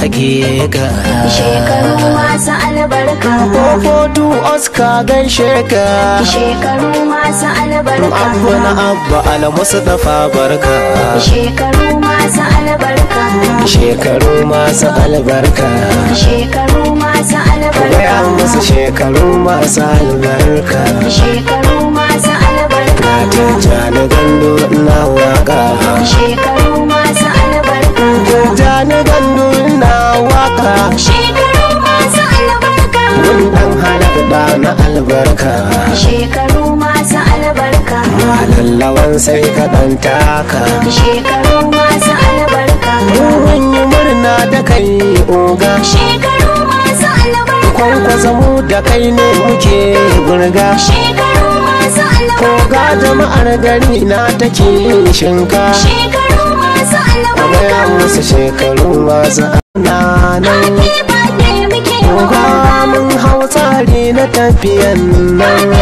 hakika shekaru masu albarka fofotu oscar gan sheka. shekaru masu albarka abu na abba dafa barka shekaru masu albarka shekaru masu albarka shekaru masu albarka wai musu shekaru masu albarka shekaru masu albarka na tijjani gando na waka shekaru albarka shekaru masu albarka lallawan sai ka dan taka shekaru masu albarka mun yi murna da kai oga shekaru masu albarka kwankwasa mu da kai ne muke gurga shekaru masu albarka koga jama'ar gari na take shinka shekaru masu albarka a musu shekaru masu albarka ba birthday muke tsari na tafiyan nan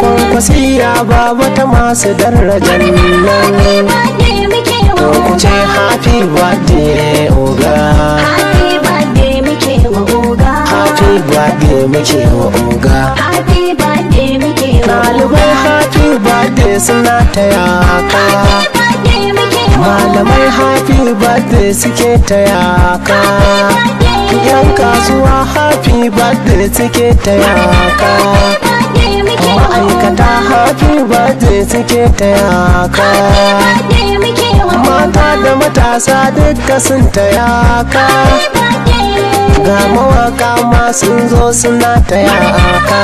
kwankwasiya baba ta masu darajan nan ku ce happy birthday oga happy birthday muke wa oga happy birthday muke wa oga happy birthday muke wa oga happy birthday suna ta yaka malamai happy birthday suke ta yaka habiba suke ta yaka ma'aikata habiba suke ta yaka mata da matasa duka sun ta yaka ga mawaka ma sun zo suna ta yaka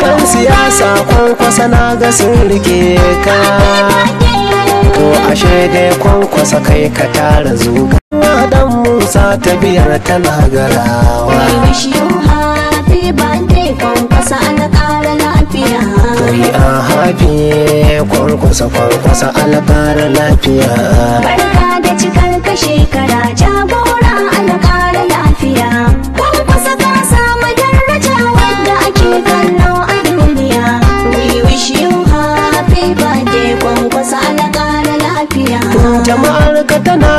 kan siyasa kwankwasa na ga sun rike ka to ashe dai kwankwasa kai ka tara zuga dan musa ta biyar tana garawa Kuri a hafi kwankwasa kwankwasa alƙara lafiya. Barka da cikar ka shekara jago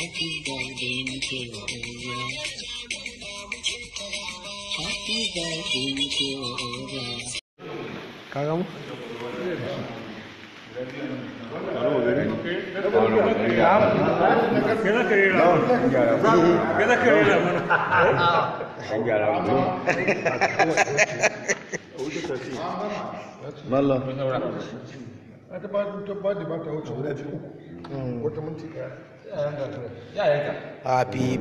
Happy birthday to you. Happy birthday to you. Ka gamu? Wallah. Wata Mm. wata minti happy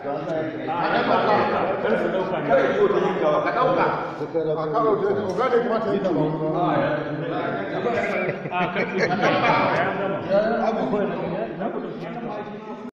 birthday to